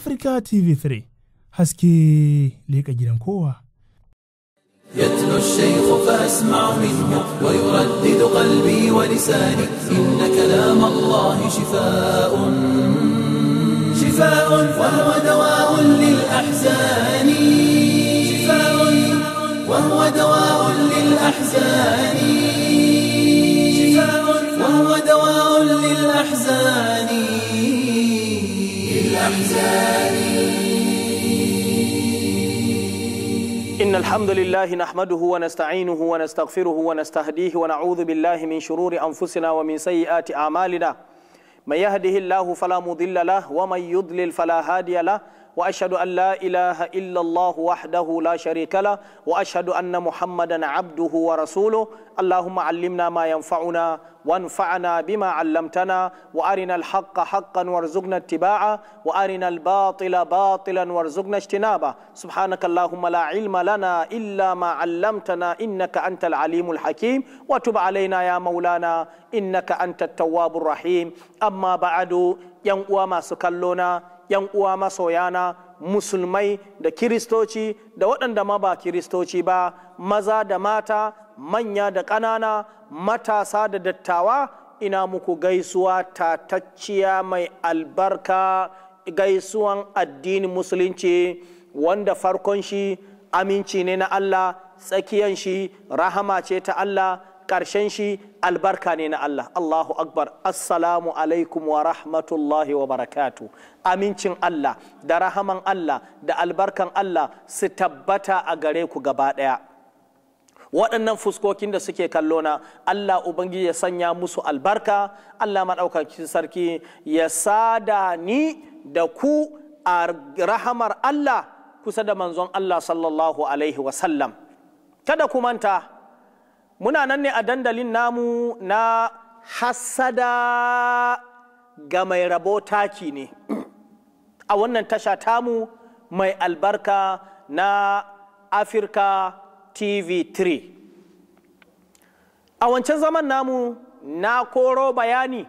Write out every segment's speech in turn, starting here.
Africa TV3 haske leƙa gidan kowa. يتلو الشيخ فأسمع منه ويردد قلبي ولساني إن كلام الله شفاء شفاء وهو دواء للأحزان شفاء وهو دواء للأحزان شفاء وهو دواء للأحزان إن الحمد لله نحمده ونستعينه ونستغفره ونستهديه ونعوذ بالله من شرور أنفسنا ومن سيئات أعمالنا من يهده الله فلا مضل له ومن يضلل فلا هادي له وأشهد أن لا إله إلا الله وحده لا شريك له وأشهد أن محمدا عبده ورسوله اللهم علمنا ما ينفعنا وانفعنا بما علمتنا وارنا الحق حقا وارزقنا اتباعه وارنا الباطل باطلا وارزقنا اجتنابه سبحانك اللهم لا علم لنا الا ما علمتنا انك انت العليم الحكيم وتب علينا يا مولانا انك انت التواب الرحيم اما بعد ينقوى ما سكلنا 'yan uwa masoyana musulmai da kiristoci da waɗanda ma ba kiristoci ba maza da mata manya da ƙanana matasa da dattawa ina muku gaisuwa tatacciya mai albarka gaisuwan addinin musulunci wanda farkon shi aminci ne na Allah tsakiyan shi rahama ce ta Allah ƙarshen shi albarka ne na Allah Allahu akbar assalamu alaikum wa rahmatullahi wa barakatu amincin Allah da rahaman Allah da albarkan Allah su tabbata a gare ku gaba ɗaya waɗannan fuskokin da suke kallo na Allah Ubangiji ya sanya musu albarka Allah maɗaukakin sarki ya sada ni da ku a rahamar Allah kusa da manzon Allah sallallahu alaihi wasallam kada ku manta muna nan ne a dandalin namu na hassada ga mai rabo taki ne a wannan tasha tamu mai albarka na afirka tv3 a wancan zaman namu na koro bayani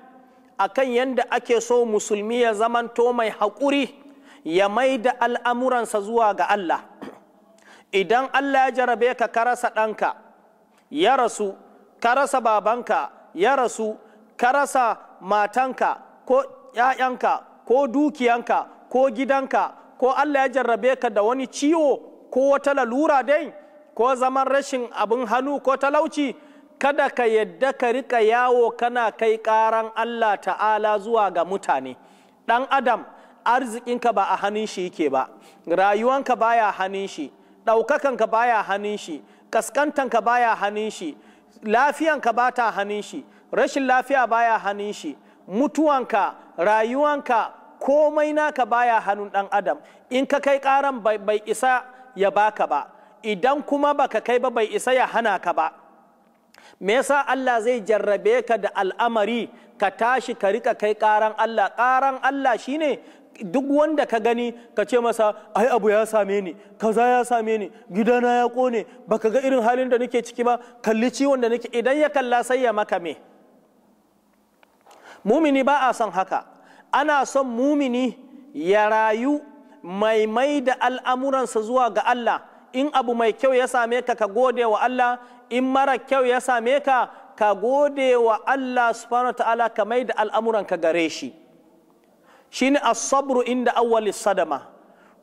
akan yadda ake so musulmi ya zamanto mai haƙuri ya mai da al'amuransa zuwa ga Allah idan Allah ya jarabe ka karasa ɗanka ya rasu ka rasa babanka ya rasu ka rasa matanka ko ‘ya'yanka ko dukiyanka ko gidanka ko Allah ya jarrabe ka da wani ciwo ko wata lalura dai ko zaman rashin abin hannu ko talauci kada ka yadda ka riƙa yawo kana kai ƙaran Allah ta'ala zuwa ga mutane ɗan adam arzikinka ba a hannun shi yake ba rayuwanka baya hannun shi ɗaukakanka baya hannun shi kaskantanka baya hannun shi lafiyanka ba ta hannun shi rashin lafiya baya hannun shi mutuwanka rayuwanka komai naka baya hannun dan adam in ka kai karan bai isa ya baka ba idan kuma baka kai ba bai isa ya hana ka ba me yasa Allah zai jarrabe ka da al'amari ka tashi ka rika kai karan Allah ƙaran Allah shine duk wanda ka gani ka ce masa ai abu ya same ni kaza ya same ni gidana ya kone baka ga irin halin da nake ciki ba kalli ciwon da nake idan ya kalla sai ya maka me mumini ba a son haka ana son mumini ya rayu mai mai da al'amuransa zuwa ga Allah in abu mai kyau ya same ka ka gode wa Allah in mara kyau ya same ka ka gode wa Allah subhanahu ta'ala ka mai da al'amuranka gare shi shine as-sabru inda awwalis sadama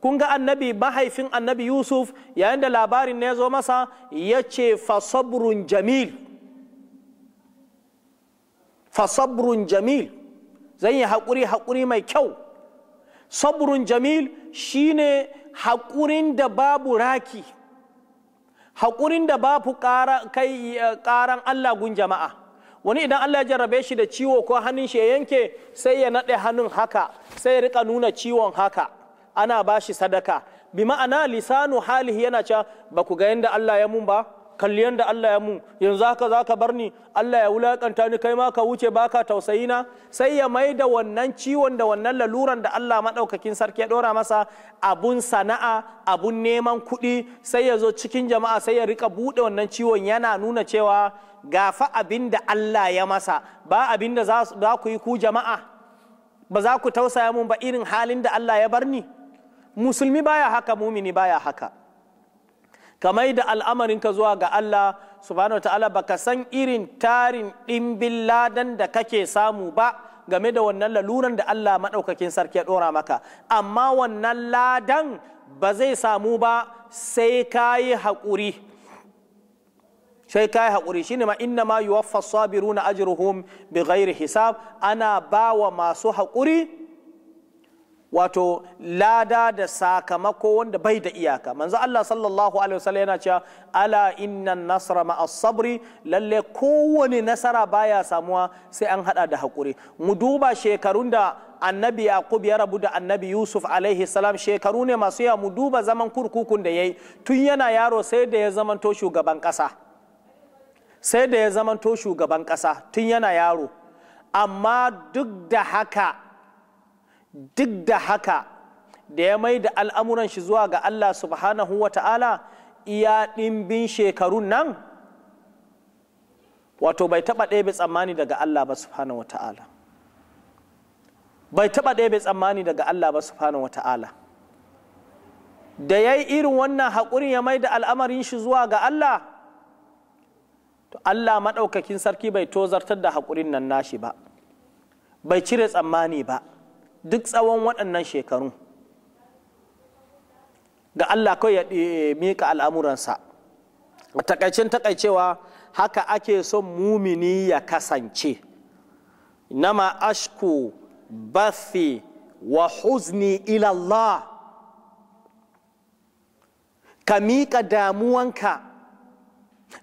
kun ga annabi mahaifin annabi yusuf yayin da labarin ne ya zo masa ya ce fasabrun jamil fasabrun jamil zan yi haƙuri haƙuri mai kyau sabrun jamil shine haƙurin da babu raki haƙurin da babu eh, ƙaran allah gun jama'a wani idan Allah ya jarrabe shi da ciwo ko hannun shi ya yanke sai ya naɗe hannun haka sai ya rika nuna ciwon haka ana bashi sadaka bi ma'ana lisanu halihi yana cewa ba ku ga yadda Allah ya mun ba kalli da Allah ya mu yanzu haka za ka bar ni Allah ya wulakanta ni kai ma ka wuce baka tausayi na sai ya mai da wannan ciwon da wannan laluran da Allah maɗaukakin sarki ya dora masa abun sana'a abun neman kuɗi sai ya zo cikin jama'a sai ya rika buɗe wannan ciwon yana nuna cewa gafa abin da Allah ya masa ba abin da za ku yi ku jama'a ba za ku tausaya mun ba irin halin da Allah ya bar ni musulmi baya haka mumini baya haka kamar da al'amarinka zuwa ga Allah subhanahu wa ta'ala baka san irin tarin ɗimbin ladan da kake samu ba game da wannan laluran da Allah maɗaukakin sarki ya ɗora maka amma wannan ladan ba zai samu ba sai ka yi haƙuri sai kayi yi haƙuri shine ma inna ma yuwaffa sabiruna ajruhum bi ghairi hisab ana ba wa masu haƙuri wato lada da sakamako wanda bai da iyaka manzo Allah sallallahu alaihi wasallam yana cewa ala inna nasra ma sabri lalle kowane nasara baya samuwa sai an hada da hakuri mu duba shekarun da annabi yaqub ya rabu da annabi yusuf alaihi salam shekaru ne masu yawa mu duba zaman kurkukun da yayi tun yana yaro sai da ya zamanto shugaban kasa sai da ya zamanto shugaban kasa tun yana yaro amma duk da haka duk da haka da ya mai da al'amuran shi zuwa ga Allah subhanahu wa ta'ala iya ɗimbin shekarun nan wato bai taɓa ɗaya bai tsammani daga Allah ba subhanahu wa ta'ala bai taɓa ɗaya bai tsammani daga Allah ba subhanahu wa ta'ala da ya yi irin wannan haƙurin ya mai da al'amarin shi zuwa ga Allah to Allah maɗaukakin sarki bai tozartar da haƙurin nan nashi ba bai cire tsammani ba duk tsawon waɗannan shekaru ga Allah kawai ya mika al'amuransa a takaicin takaicewa haka ake son mumini ya kasance nama ashku bathi wa huzni ilallah ka miƙa damuwanka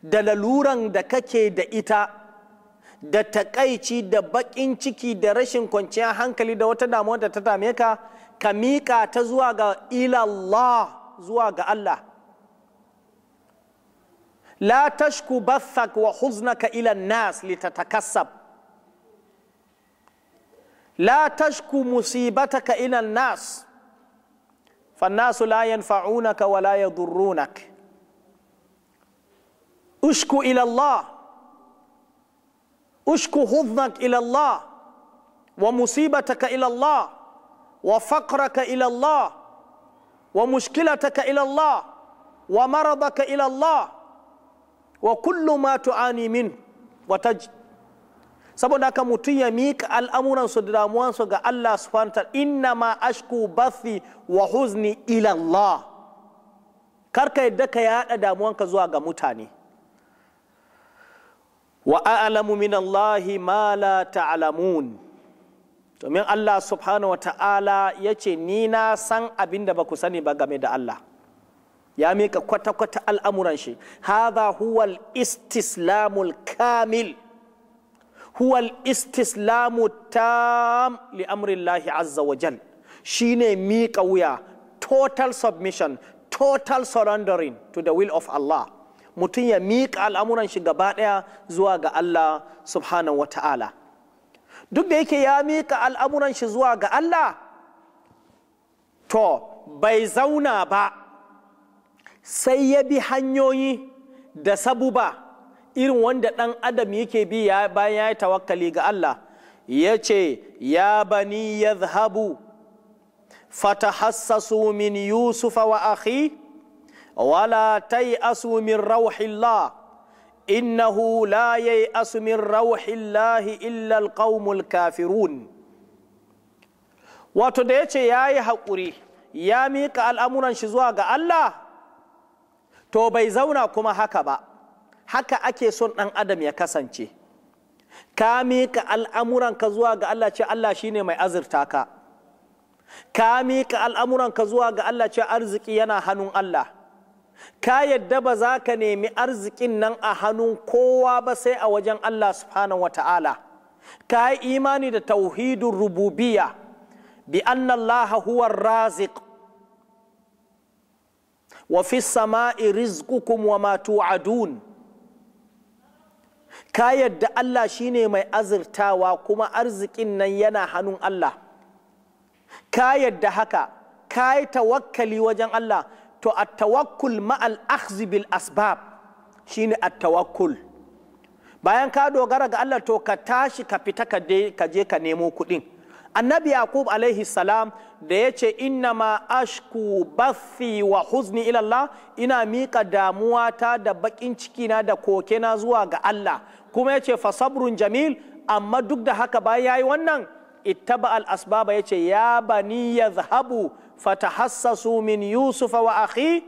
da laluran da kake da ita da takaici da bakin ciki da rashin kwanciyar hankali da wata damuwa da ta dame ka ka mika ta zuwa ga ilallah zuwa ga Allah la tashku bathak wa huznaka ila nas litatakassab la tashku musibataka ila nas فالناس لا ينفعونك ولا يضرونك اشكو إلى الله اشكو حزنك إلى الله ومصيبتك إلى الله وفقرك إلى الله ومشكلتك إلى الله ومرضك إلى الله وكل ما تعاني منه وتجد saboda haka mutum ya miƙa al'amuransu da damuwansu ga Allah subhanahu ta'ala inna ma ashku bathi wa huzni ila Allah karka yadda ka yaɗa damuwanka zuwa ga mutane wa a'lamu min Allahi ma la ta'lamun domin Allah subhanahu wa ta'ala ya ni na san abin da ba sani ba game da Allah ya mika kwata-kwata al'amuran shi hadha huwal istislamul kamil huwal istislamu tam li amrillahi azza wa jal shine mika wuya total submission total surrendering to the will of Allah mutum ya miƙa al'amuran shi gaba ɗaya zuwa ga Allah subhanahu wata'ala duk da yake ya miƙa al'amuran shi zuwa ga Allah to bai zauna ba sai ya bi hanyoyi da sabuba irin wanda ɗan adam yake bi bayan ya yi tawakkali ga Allah ya ce ya bani ya zahabu fatahassasu min yusufa wa akhi wala tai'asu min rauhillah innahu la asumin min rauhillahi illa alqaumul kafirun wato da yace yayi haƙuri ya miƙa al'amuran shi zuwa ga Allah to bai zauna kuma haka ba haka ake son ɗan adam ya kasance ka miƙa ka zuwa ga Allah ce Allah shine mai azurta ka ka miƙa ka zuwa ga Allah ce arziki yana hannun Allah ka yadda ba za ka nemi arzikin nan a hannun kowa ba sai a wajen Allah subhanahu wa ta'ala ka yi imani da Tauhidun rububiya bi anna Allah huwa raziq wa fi sama'i rizqukum wa ma tu'adun ka yadda Allah shine mai azurtawa kuma arzikin nan yana hannun Allah ka yadda haka ka yi tawakkali wajen Allah to a tawakkul ma'al akhzi bil asbab shine a tawakkul bayan ka dogara ga Allah to ka tashi ka fita ka je ka nemo kuɗin annabi yaqub alaihi salam da ya ce ma ashku bathi wa huzni ilallah ina miƙa damuwata da baƙin cikina da kokena zuwa ga Allah kuma ya ce fasabrun jamil amma duk da haka bayan yayi wannan ittaba al asbaba ya ce ya bani yazhabu fatahassasu min yusufa wa akhi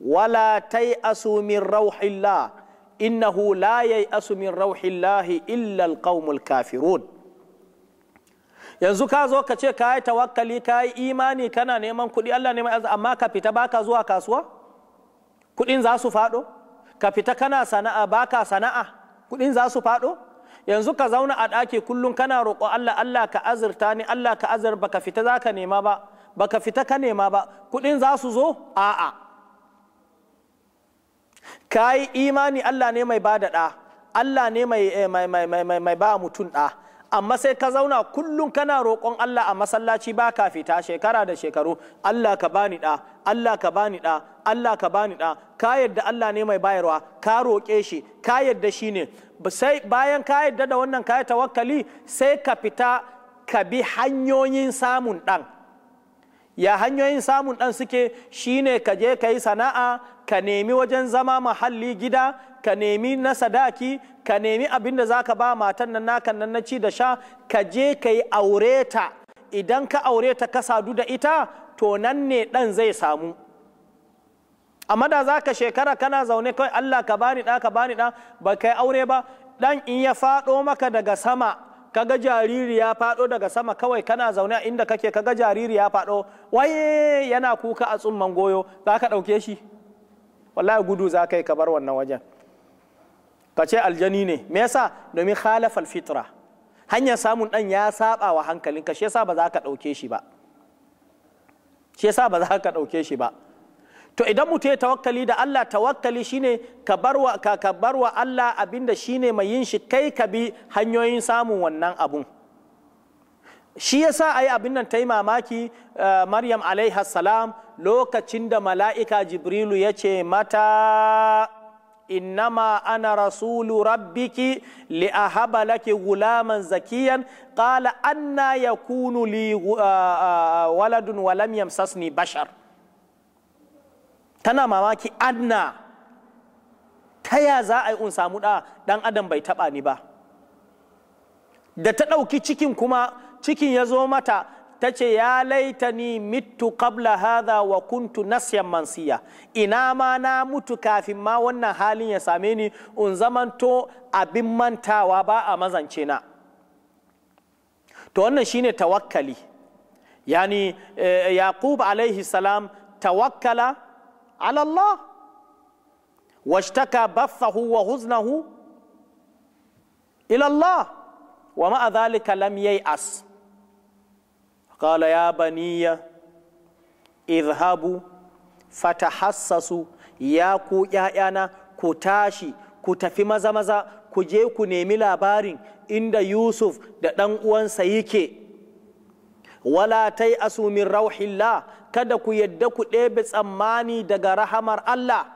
wala tai'asu min rauhillah innahu la yai'asu min rauhillahi illa alqaumul kafirun yanzu ka zo ka ce ka yi tawakkali ka yi imani kana neman kuɗi Allah ne mai amma ka fita baka zuwa kasuwa kuɗin za su faɗo ka fita kana sana'a baka sana'a kuɗin za su faɗo yanzu ka zauna a ɗaki kullum kana roƙo Allah Allah ka azurta ni Allah ka azur baka fita za ka nema ba baka fita ka nema ba kudin za su zo a'a ka yi imani Allah ne mai bada da ɗa Allah ne eh, mai ba mutum ɗa amma sai ka zauna kullum kana roƙon Allah a masallaci ba ka fita shekara da shekaru Allah ka bani ɗa Allah ka bani ɗa Allah ka bani ɗa ka yadda Allah ne mai bayarwa ka roƙe shi ka yadda shi ne sai bayan ka yadda da wannan ka yi tawakkali sai ka fita ka bi hanyoyin samun ɗan ya hanyoyin samun ɗan suke shine ka je ka yi sana'a ka nemi wajen zama mahalli gida ka nemi na sadaki ka nemi abin da za ka ba matan nan naka nan na ci da sha ka je ka yi aure ta idan ka aure ta ka sadu da ita to nan ne ɗan zai samu amma da za ka shekara kana zaune kawai allah ka bani ɗa ka bani ɗa ba ka yi aure ba ɗan in ya faɗo maka daga sama kaga jariri ya faɗo daga sama kawai kana zaune a inda kake kaga jariri ya fado waye yana kuka a tsumman goyo za ka ɗauke shi wallahi gudu za ka yi ka bar wannan wajen ka ce aljani ne me yasa domin khalafal fitra hanyar samun ɗan ya saba wa hankalinka shi yasa ba za ka ɗauke shi ba shi yasa ba za ka ɗauke shi ba to idan mutum ya tawakkali da Allah tawakkali shine ka barwa ka, ka barwa Allah abinda shine mai yin shi kai ka bi hanyoyin samun wannan abun shi yasa ayi abin nan tai mamaki eh, Maryam alaiha salam lokacin da mala'ika Jibrilu ya ce mata innama ana rasulu rabbiki li ahaba laki gulaman zakiyan qala anna yakunu li eh, eh, waladun walam yamsasni bashar tana mamaki adna ta ya za a yi un samu da, dan adam bai taba ni ba da ta ɗauki cikin kuma cikin ya zo mata ta ce ya laitani mitu qabla hadha wa kuntu nasyan mansiya ina ma na mutu kafin ma wannan halin ya same ni un zamanto abin mantawa ba a mazance na to wannan shine tawakkali yani eh, yaqub alaihi salam tawakkala على الله واشتكى بثه وحزنه إلى الله ومع ذلك لم ييأس قال يا بني اذهبوا فتحسسوا ياكو يا أنا كتاشي كتفي مزا مزا كجيكو نيمي لابارين إند يوسف دان وان سيكي wala tai asumin rauhillah kada ku yadda ku ɗebe tsammani daga rahamar Allah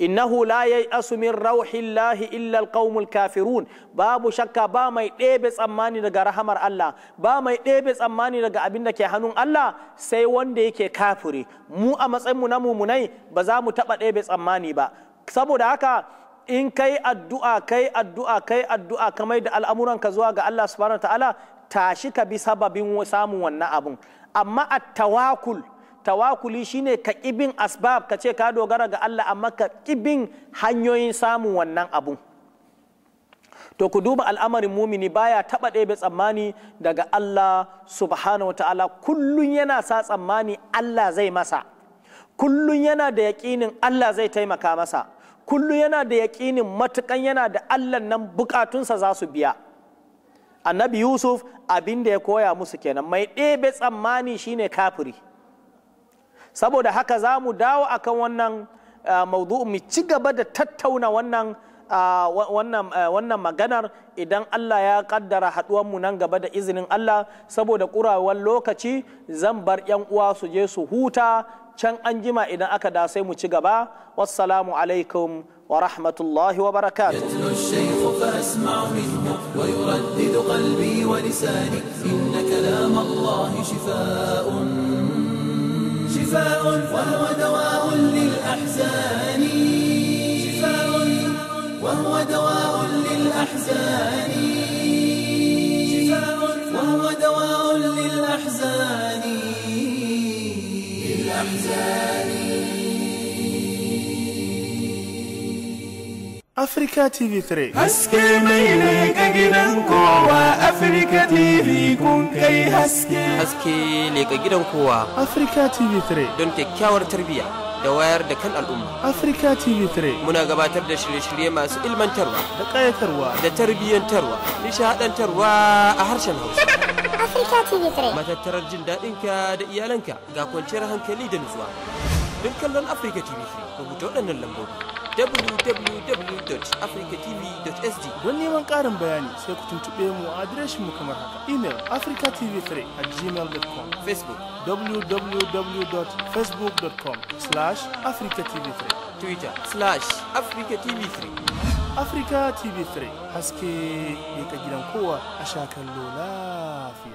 innahu la yai asumin rauhillahi illal alqaumul kafirun babu shakka ba mai ɗebe tsammani daga rahamar Allah ba mai ɗebe tsammani daga abin da ke hannun Allah sai wanda yake kafiri mu a matsayin mu na mumunai ba za mu taɓa ɗebe tsammani ba saboda haka in kai addu'a kai addu'a kai addu'a kamar da al'amuranka zuwa ga Allah subhanahu ta'ala tashi ka bi sababin samun wannan abun amma a tawakul tawakuli shine ka ibin asbab ka ce ka dogara ga Allah amma ka ibin hanyoyin samun wannan abun to ku duba al'amarin mumini baya taɓa ɗebe tsammani daga Allah subhanahu wa ta'ala kullun yana sa tsammani Allah zai masa kullun yana da yaƙinin Allah zai taimaka masa kullun yana da yaƙinin matukan yana da Allah nan bukatunsa za su biya annabi yusuf abin da ya koya musu kenan mai ɗebe tsammani shine kafiri saboda haka za mu dawo akan wannan uh, maudu'u mu ci gaba da tattauna wannan uh, uh, maganar idan Allah ya kaddara mu nan gaba da izinin Allah saboda ƙurawar lokaci zan bar 'yan uwa su je su huta can an jima idan aka da sai mu ci gaba wassalamu alaikum wa rahmatullahi wa barakatuh ويردد قلبي ولساني إن كلام الله شفاء شفاء وهو دواء للأحزان شفاء وهو دواء للأحزان شفاء وهو دواء للأحزان Africa TV3 Haske mai ne ga gidan kowa Africa TV kun kai haske Haske ne ga gidan kowa Africa TV3 don kyakkyawar tarbiyya da wayar da kan al'umma Africa TV3 muna gabatar da shirye-shirye masu ilmantarwa da kayatarwa da tarbiyyantarwa nishadantarwa a harshen Hausa Africa TV 3. Matattarar jin daɗin ka da iyalanka ga kwanciyar hankali da nutsuwa. Don kallon Africa TV 3 rubuta waɗannan lambobi. www.africatv.sg Don neman ƙarin bayani sai ku tuntuɓe mu a adireshin mu kamar haka. Email africatv3 at gmail.com Facebook www.facebook.com slash africatv3 Twitter slash africatv3 Africa TV3 haske ne ka gidan kowa a shakan lola.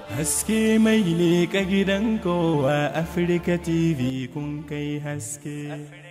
Haske mai leƙa gidan kowa Afirka TV kun kai haske.